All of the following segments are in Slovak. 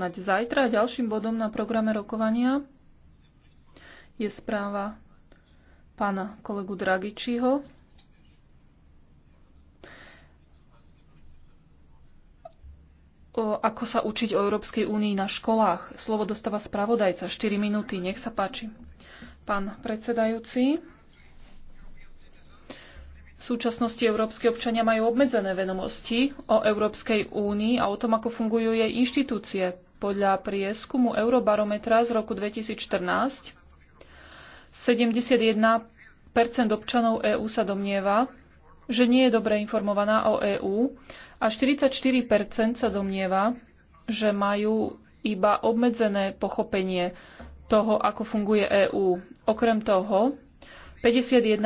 konať zajtra. Ďalším bodom na programe rokovania je správa pána kolegu Dragičiho. O, ako sa učiť o Európskej únii na školách. Slovo dostáva spravodajca. 4 minúty. Nech sa páči. Pán predsedajúci, v súčasnosti európsky občania majú obmedzené vedomosti o Európskej únii a o tom, ako fungujú jej inštitúcie. Podľa prieskumu Eurobarometra z roku 2014 71 občanov EÚ sa domnieva, že nie je dobre informovaná o EÚ a 44 sa domnieva, že majú iba obmedzené pochopenie toho, ako funguje EÚ. Okrem toho, 51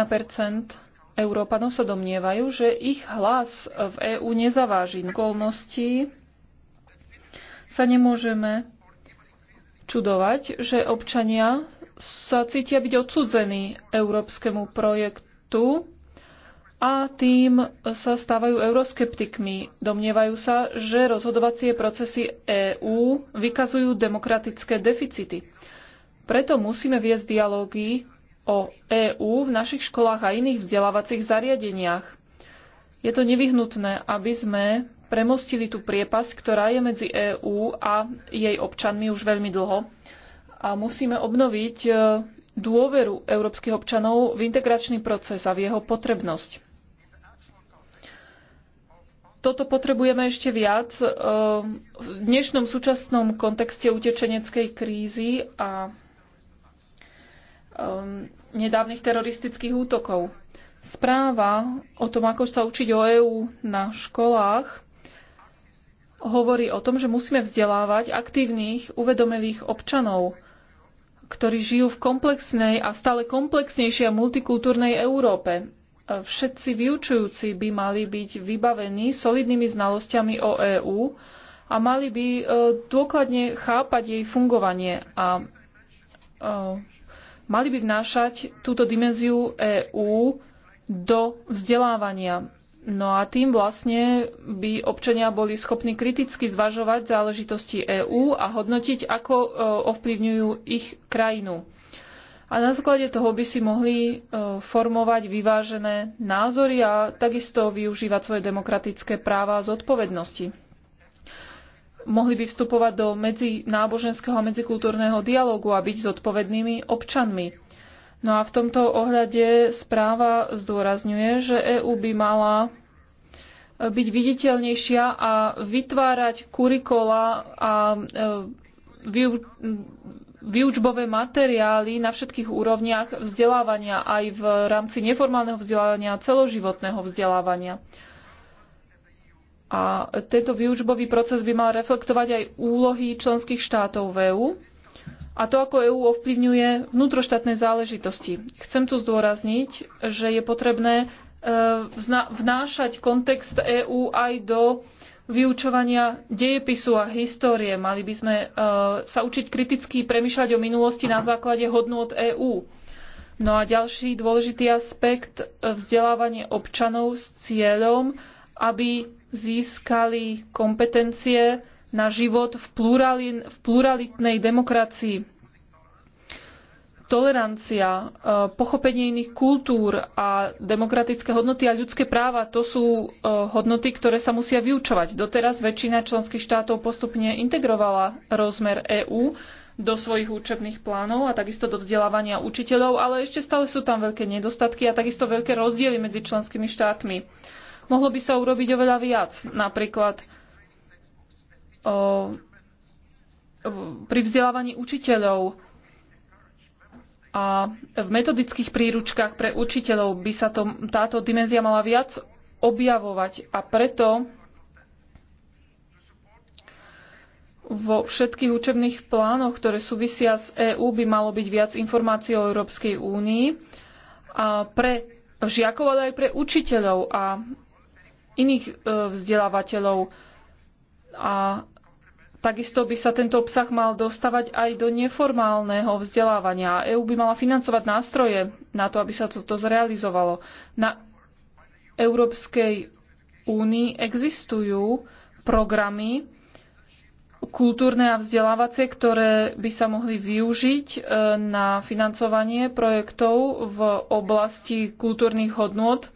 Európanov sa domnievajú, že ich hlas v EÚ nezaváži okolnosti sa nemôžeme čudovať, že občania sa cítia byť odsudzení európskemu projektu a tým sa stávajú euroskeptikmi. Domnievajú sa, že rozhodovacie procesy EÚ vykazujú demokratické deficity. Preto musíme viesť dialógy o EÚ v našich školách a iných vzdelávacích zariadeniach. Je to nevyhnutné, aby sme premostili tú priepasť, ktorá je medzi EÚ a jej občanmi už veľmi dlho. A musíme obnoviť e, dôveru európskych občanov v integračný proces a v jeho potrebnosť. Toto potrebujeme ešte viac e, v dnešnom súčasnom kontexte utečeneckej krízy a e, nedávnych teroristických útokov. Správa o tom, ako sa učiť o EÚ na školách, hovorí o tom, že musíme vzdelávať aktívnych, uvedomelých občanov, ktorí žijú v komplexnej a stále komplexnejšej a multikultúrnej Európe. Všetci vyučujúci by mali byť vybavení solidnými znalosťami o EÚ a mali by e, dôkladne chápať jej fungovanie a e, mali by vnášať túto dimenziu EÚ do vzdelávania. No a tým vlastne by občania boli schopní kriticky zvažovať záležitosti EÚ a hodnotiť, ako e, ovplyvňujú ich krajinu. A na základe toho by si mohli e, formovať vyvážené názory a takisto využívať svoje demokratické práva a zodpovednosti. Mohli by vstupovať do medzináboženského a medzikultúrneho dialogu a byť zodpovednými občanmi. No a v tomto ohľade správa zdôrazňuje, že EÚ by mala byť viditeľnejšia a vytvárať kurikola a e, vyučbové materiály na všetkých úrovniach vzdelávania aj v rámci neformálneho vzdelávania a celoživotného vzdelávania. A tento vyučbový proces by mal reflektovať aj úlohy členských štátov v EÚ a to, ako EÚ ovplyvňuje vnútroštátne záležitosti. Chcem tu zdôrazniť, že je potrebné e, vnášať kontext EÚ aj do vyučovania dejepisu a histórie. Mali by sme e, sa učiť kriticky premyšľať o minulosti na základe hodnôt EÚ. No a ďalší dôležitý aspekt e, vzdelávanie občanov s cieľom, aby získali kompetencie na život v, pluralin, v pluralitnej demokracii. Tolerancia, e, pochopenie iných kultúr a demokratické hodnoty a ľudské práva, to sú e, hodnoty, ktoré sa musia vyučovať. Doteraz väčšina členských štátov postupne integrovala rozmer EÚ do svojich učebných plánov a takisto do vzdelávania učiteľov, ale ešte stále sú tam veľké nedostatky a takisto veľké rozdiely medzi členskými štátmi. Mohlo by sa urobiť oveľa viac. Napríklad pri vzdelávaní učiteľov a v metodických príručkách pre učiteľov by sa to, táto dimenzia mala viac objavovať a preto vo všetkých učebných plánoch, ktoré súvisia s EÚ, by malo byť viac informácií o Európskej únii a pre žiakov, ale aj pre učiteľov a iných e, vzdelávateľov. A Takisto by sa tento obsah mal dostávať aj do neformálneho vzdelávania. EÚ by mala financovať nástroje na to, aby sa toto zrealizovalo. Na Európskej únii existujú programy kultúrne a vzdelávacie, ktoré by sa mohli využiť e, na financovanie projektov v oblasti kultúrnych hodnôt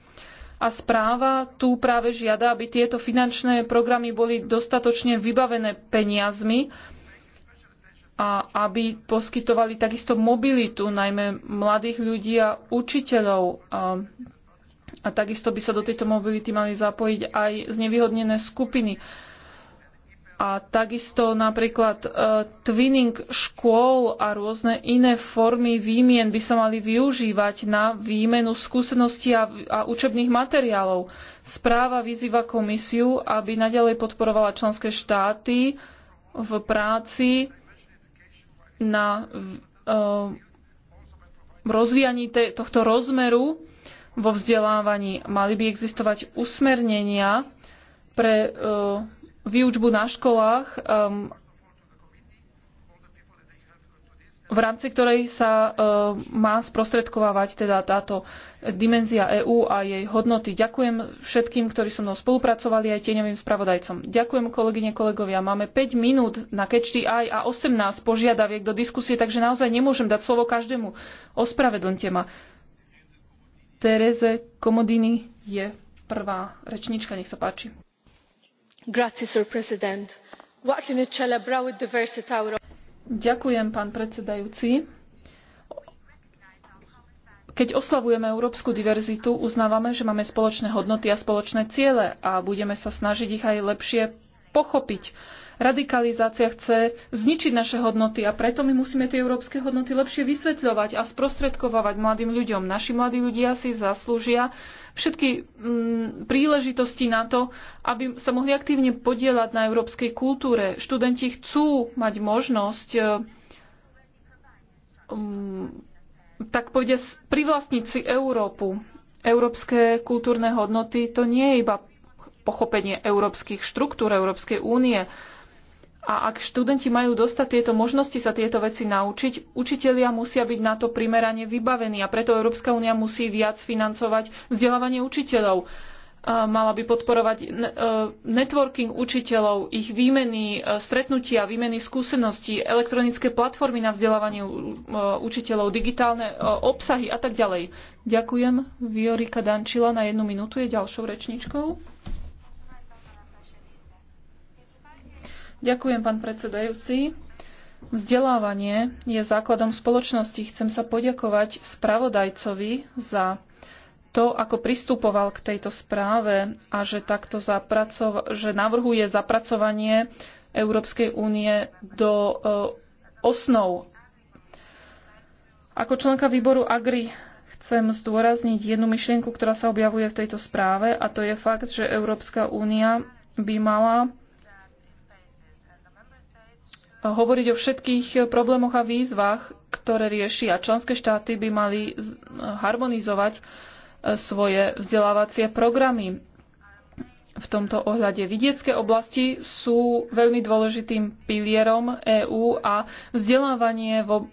a správa tu práve žiada, aby tieto finančné programy boli dostatočne vybavené peniazmi a aby poskytovali takisto mobilitu, najmä mladých ľudí a učiteľov. A, a takisto by sa do tejto mobility mali zapojiť aj znevýhodnené skupiny. A takisto napríklad e, twinning škôl a rôzne iné formy výmien by sa mali využívať na výmenu skúseností a, a učebných materiálov. Správa vyzýva komisiu, aby nadalej podporovala členské štáty v práci na e, rozvíjaní te, tohto rozmeru vo vzdelávaní. Mali by existovať usmernenia pre e, výučbu na školách, um, v rámci ktorej sa uh, má sprostredkovávať teda táto dimenzia EÚ a jej hodnoty. Ďakujem všetkým, ktorí so mnou spolupracovali, aj tieňovým spravodajcom. Ďakujem kolegyne, kolegovia. Máme 5 minút na kečty aj a 18 požiadaviek do diskusie, takže naozaj nemôžem dať slovo každému. Ospravedlňte ma. Tereze Komodiny je prvá rečnička, nech sa páči. Ďakujem, pán predsedajúci. Keď oslavujeme európsku diverzitu, uznávame, že máme spoločné hodnoty a spoločné ciele a budeme sa snažiť ich aj lepšie pochopiť radikalizácia chce zničiť naše hodnoty a preto my musíme tie európske hodnoty lepšie vysvetľovať a sprostredkovávať mladým ľuďom. Naši mladí ľudia si zaslúžia všetky m, mm, príležitosti na to, aby sa mohli aktívne podielať na európskej kultúre. Študenti chcú mať možnosť e, m, mm, tak povediať privlastniť si Európu. Európske kultúrne hodnoty to nie je iba pochopenie európskych štruktúr Európskej únie. A ak študenti majú dostať tieto možnosti sa tieto veci naučiť, učitelia musia byť na to primerane vybavení a preto Európska únia musí viac financovať vzdelávanie učiteľov. E, mala by podporovať e, networking učiteľov, ich výmeny, e, stretnutia, výmeny skúseností, elektronické platformy na vzdelávanie učiteľov, digitálne obsahy a tak ďalej. Ďakujem. Viorika Dančila na jednu minútu je ďalšou rečničkou. Ďakujem, pán predsedajúci. Vzdelávanie je základom spoločnosti. Chcem sa poďakovať spravodajcovi za to, ako pristupoval k tejto správe a že, takto zapracov- že navrhuje zapracovanie Európskej únie do e, osnov. Ako členka výboru AGRI chcem zdôrazniť jednu myšlienku, ktorá sa objavuje v tejto správe a to je fakt, že Európska únia by mala hovoriť o všetkých eh, problémoch a výzvach, ktoré rieši a členské štáty by mali harmonizovať eh, svoje vzdelávacie programy. V tomto ohľade vidiecké oblasti sú veľmi dôležitým pilierom EÚ a vzdelávanie vo,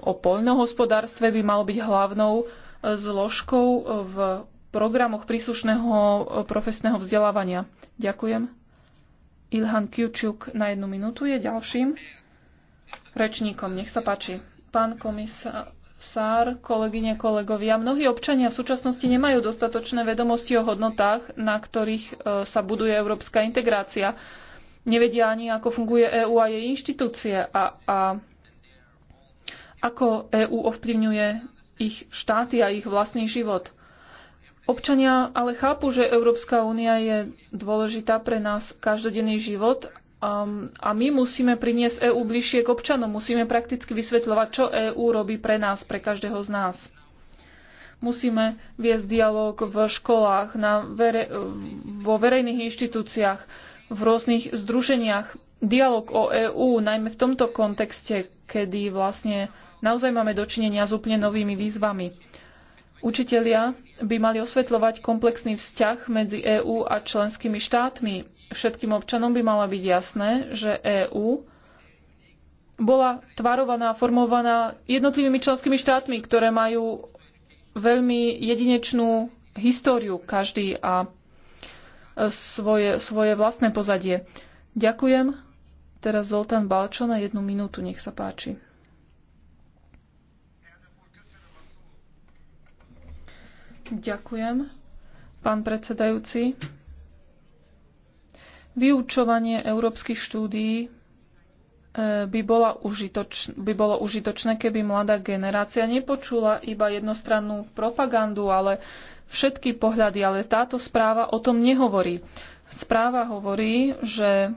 o poľnohospodárstve by malo byť hlavnou eh, zložkou v programoch príslušného profesného vzdelávania. Ďakujem. Ilhan Kiučuk na jednu minútu je ďalším rečníkom. Nech sa páči. Pán komisár, kolegyne, kolegovia, mnohí občania v súčasnosti nemajú dostatočné vedomosti o hodnotách, na ktorých e, sa buduje európska integrácia. Nevedia ani, ako funguje EÚ a jej inštitúcie a, a ako EÚ ovplyvňuje ich štáty a ich vlastný život. Občania ale chápu, že Európska únia je dôležitá pre nás každodenný život um, a my musíme priniesť EÚ bližšie k občanom. Musíme prakticky vysvetľovať, čo EÚ robí pre nás, pre každého z nás. Musíme viesť dialog v školách, na vere, vo verejných inštitúciách, v rôznych združeniach. Dialóg o EÚ, najmä v tomto kontexte, kedy vlastne naozaj máme dočinenia s úplne novými výzvami. Učitelia by mali osvetľovať komplexný vzťah medzi EÚ a členskými štátmi. Všetkým občanom by mala byť jasné, že EÚ bola tvarovaná, formovaná jednotlivými členskými štátmi, ktoré majú veľmi jedinečnú históriu každý a e, svoje, svoje vlastné pozadie. Ďakujem. Teraz Zoltán Balčo na jednu minútu, nech sa páči. Ďakujem, pán predsedajúci. Vyučovanie európskych štúdií e, by, bola užitoč, by bolo užitočné, keby mladá generácia nepočula iba jednostrannú propagandu, ale všetky pohľady. Ale táto správa o tom nehovorí. Správa hovorí, že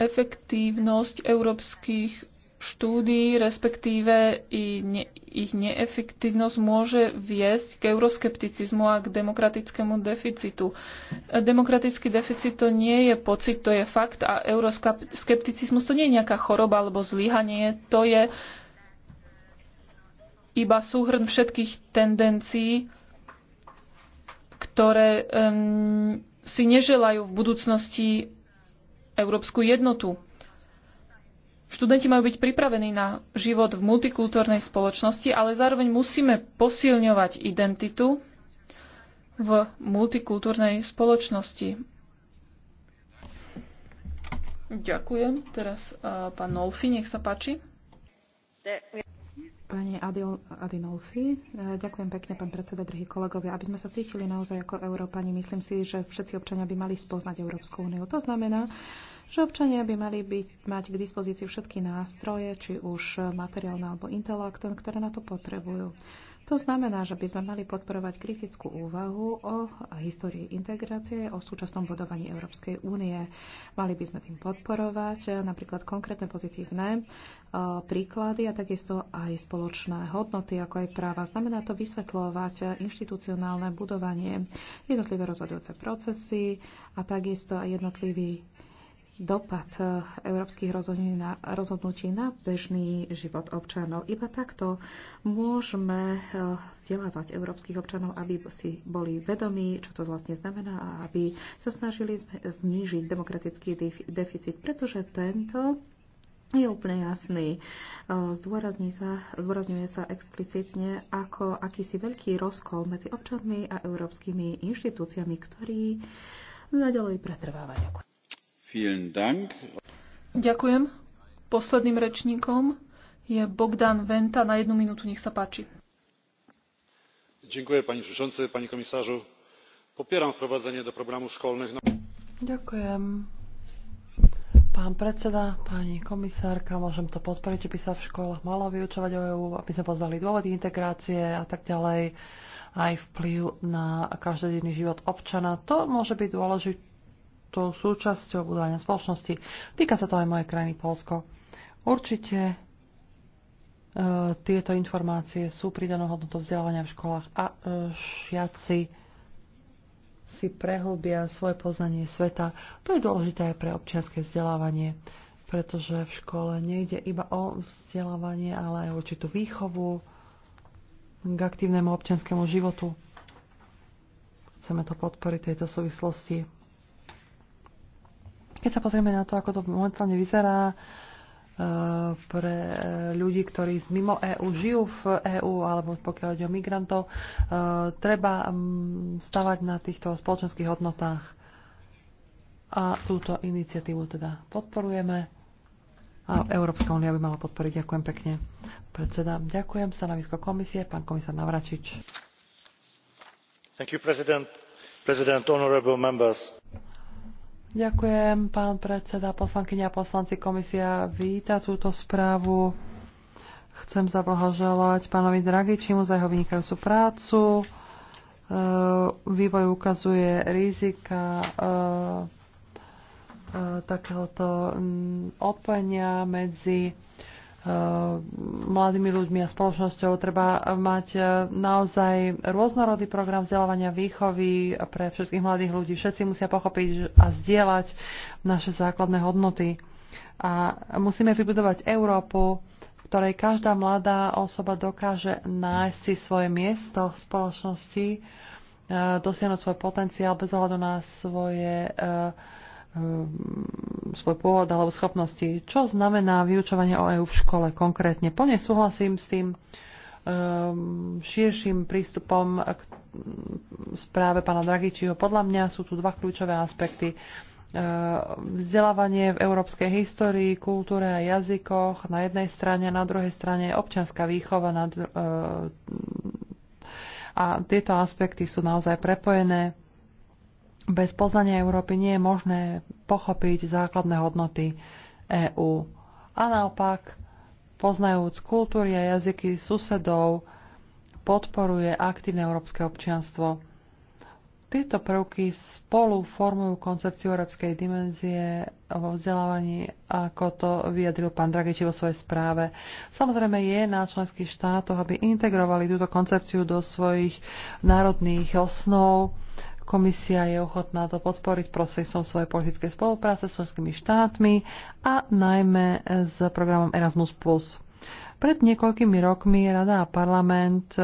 efektívnosť európskych štúdií, respektíve ich neefektívnosť môže viesť k euroskepticizmu a k demokratickému deficitu. Demokratický deficit to nie je pocit, to je fakt a euroskepticizmus to nie je nejaká choroba alebo zlyhanie, to je iba súhrn všetkých tendencií, ktoré um, si neželajú v budúcnosti európsku jednotu. Študenti majú byť pripravení na život v multikultúrnej spoločnosti, ale zároveň musíme posilňovať identitu v multikultúrnej spoločnosti. Ďakujem. Teraz eh, pán Nolfi, nech sa páči. Pani Adil, Adinolfi, eh, ďakujem pekne, pán predseda, drahí kolegovia. Aby sme sa cítili naozaj ako Európani, myslím si, že všetci občania by mali spoznať Európsku úniu. To znamená, že občania by mali byť, mať k dispozícii všetky nástroje, či už eh, materiálne alebo intelektuálne, ktoré na to potrebujú. To znamená, že by sme mali podporovať kritickú úvahu o histórii integrácie, o súčasnom budovaní Európskej únie. Mali by sme tým podporovať napríklad konkrétne pozitívne e, príklady a takisto aj spoločné hodnoty, ako aj práva. Znamená to vysvetľovať inštitucionálne budovanie, jednotlivé rozhodujúce procesy a takisto aj jednotlivý dopad eh, európskych rozhodnutí na bežný život občanov. Iba takto môžeme eh, vzdelávať európskych občanov, aby si boli vedomí, čo to vlastne znamená a aby sa snažili znížiť demokratický deficit, pretože tento je úplne jasný. Eh, zdôrazní sa, zdôrazňuje sa explicitne ako akýsi veľký rozkol medzi občanmi a európskymi inštitúciami, ktorý naďalej pretrváva. Ďakujem. Ďakujem. Posledným rečníkom je Bogdan Venta. Na jednu minútu nech sa páči. Ďakujem, pani przewodniczący, pani komisarzu. Popieram wprowadzenie do programów szkolnych. Ďakujem. Pán predseda, pani komisárka, môžem to podporiť, že by sa v školách malo vyučovať o EU, aby sme poznali dôvody integrácie a tak ďalej, aj vplyv na každodenný život občana. To môže byť dôležité tou súčasťou budovania spoločnosti. Týka sa to aj mojej krajiny Polsko. Určite e, tieto informácie sú pridanou hodnotou vzdelávania v školách a e, šiaci si prehlbia svoje poznanie sveta. To je dôležité aj pre občianske vzdelávanie, pretože v škole nejde iba o vzdelávanie, ale aj určitú výchovu k aktívnemu občianskému životu. Chceme to podporiť tejto súvislosti keď sa pozrieme na to, ako to momentálne vyzerá, e, pre ľudí, ktorí z mimo EÚ žijú v EÚ, alebo pokiaľ ide o migrantov, e, treba stavať na týchto spoločenských hodnotách. A túto iniciatívu teda podporujeme a Európska únia by mala podporiť. Ďakujem pekne. Predseda, ďakujem. Stanovisko komisie, pán komisár Navračič. Thank you, President. President, honorable members. Ďakujem, pán predseda, poslankyňa a poslanci. Komisia víta túto správu. Chcem zablahoželať pánovi Dragičimu za jeho vynikajúcu prácu. E, vývoj ukazuje rizika e, e, takéhoto odpojenia medzi Eh, mladými ľuďmi a spoločnosťou. Treba mať eh, naozaj rôznorodý program vzdelávania výchovy pre všetkých mladých ľudí. Všetci musia pochopiť a zdieľať naše základné hodnoty. A musíme vybudovať Európu, v ktorej každá mladá osoba dokáže nájsť si svoje miesto v spoločnosti, eh, dosiahnuť svoj potenciál bez ohľadu na svoje uh, Ehm, svoj pôvod alebo schopnosti. Čo znamená vyučovanie o EU v škole konkrétne? Plne súhlasím s tým ehm, širším prístupom k mm, správe pána Dragičiho. Podľa mňa sú tu dva kľúčové aspekty. Ehm, vzdelávanie v európskej histórii, kultúre a jazykoch na jednej strane, na druhej strane občianská výchova na, a tieto aspekty sú naozaj prepojené bez poznania Európy nie je možné pochopiť základné hodnoty EÚ. A naopak, poznajúc kultúry a jazyky susedov, podporuje aktívne európske občianstvo. Tieto prvky spolu formujú koncepciu európskej dimenzie vo vzdelávaní, ako to vyjadril pán Dragiči vo svojej správe. Samozrejme je na členských štátoch, aby integrovali túto koncepciu do svojich národných osnov Komisia je ochotná to podporiť procesom svojej politickej spolupráce s členskými štátmi a najmä s programom Erasmus+. Pred niekoľkými rokmi Rada a parlament e,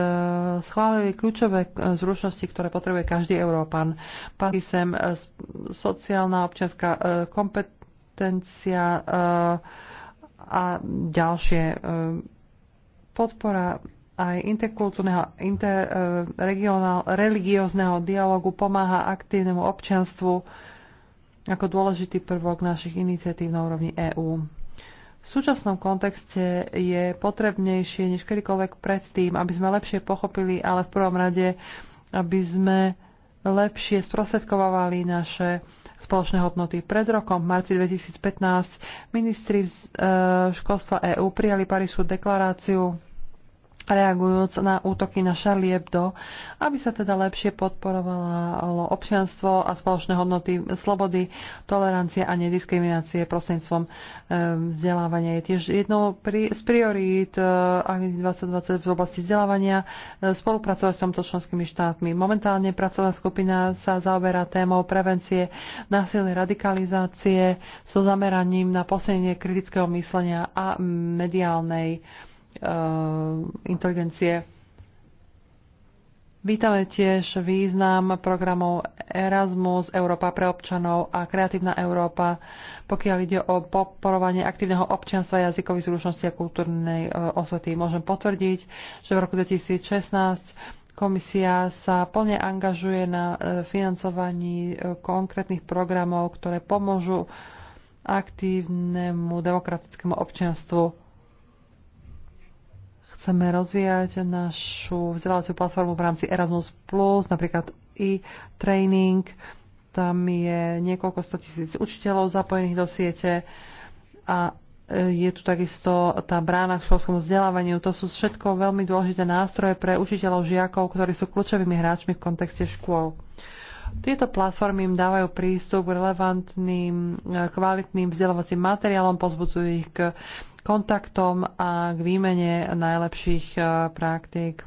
schválili kľúčové e, zručnosti, ktoré potrebuje každý Európan. Patrí sem e, sociálna občianská kompetencia a ďalšie podpora aj interkultúrneho, interregionál, e, religiózneho dialogu pomáha aktívnemu občanstvu ako dôležitý prvok našich iniciatív na úrovni EÚ. V súčasnom kontexte je potrebnejšie než kedykoľvek predtým, aby sme lepšie pochopili, ale v prvom rade, aby sme lepšie sprostredkovávali naše spoločné hodnoty. Pred rokom, v marci 2015, ministri e, školstva EÚ prijali Parísku deklaráciu reagujúc na útoky na Charlie Hebdo, aby sa teda lepšie podporovalo občianstvo a spoločné hodnoty slobody, tolerancie a nediskriminácie prostredníctvom e, vzdelávania. Je tiež jednou z priorít e, Agendy 2020 v oblasti vzdelávania e, spolupracovať s tomto členskými štátmi. Momentálne pracovná skupina sa zaoberá témou prevencie násilnej radikalizácie so zameraním na posilnenie kritického myslenia a mediálnej Eh, inteligencie. Vítame tiež význam programov Erasmus, Európa pre občanov a Kreatívna Európa, pokiaľ ide o podporovanie aktívneho občianstva, jazykových zručnosti a kultúrnej eh, osvety. Môžem potvrdiť, že v roku 2016 komisia sa plne angažuje na eh, financovaní konkrétnych programov, ktoré pomôžu aktívnemu demokratickému občianstvu Chceme rozvíjať našu vzdelávaciu platformu v rámci Erasmus+, napríklad i training. Tam je niekoľko stotisíc učiteľov zapojených do siete a e, je tu takisto tá brána k školskému vzdelávaniu. To sú všetko veľmi dôležité nástroje pre učiteľov, žiakov, ktorí sú kľúčovými hráčmi v kontexte škôl. Tieto platformy im dávajú prístup k relevantným, e, kvalitným vzdelávacím materiálom, pozbudzujú ich k kontaktom a k výmene najlepších e, praktík.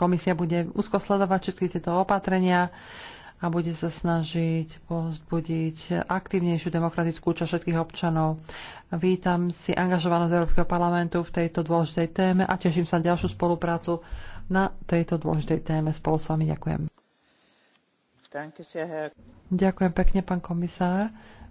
Komisia bude úzko sledovať všetky tieto opatrenia a bude sa snažiť pozbudiť aktívnejšiu demokratickú účasť všetkých občanov. Vítam si angažovanosť Európskeho parlamentu v tejto dôležitej téme a teším sa na ďalšiu spoluprácu na tejto dôležitej téme. Spolu s vami ďakujem. Ďakujem pekne, pán komisár.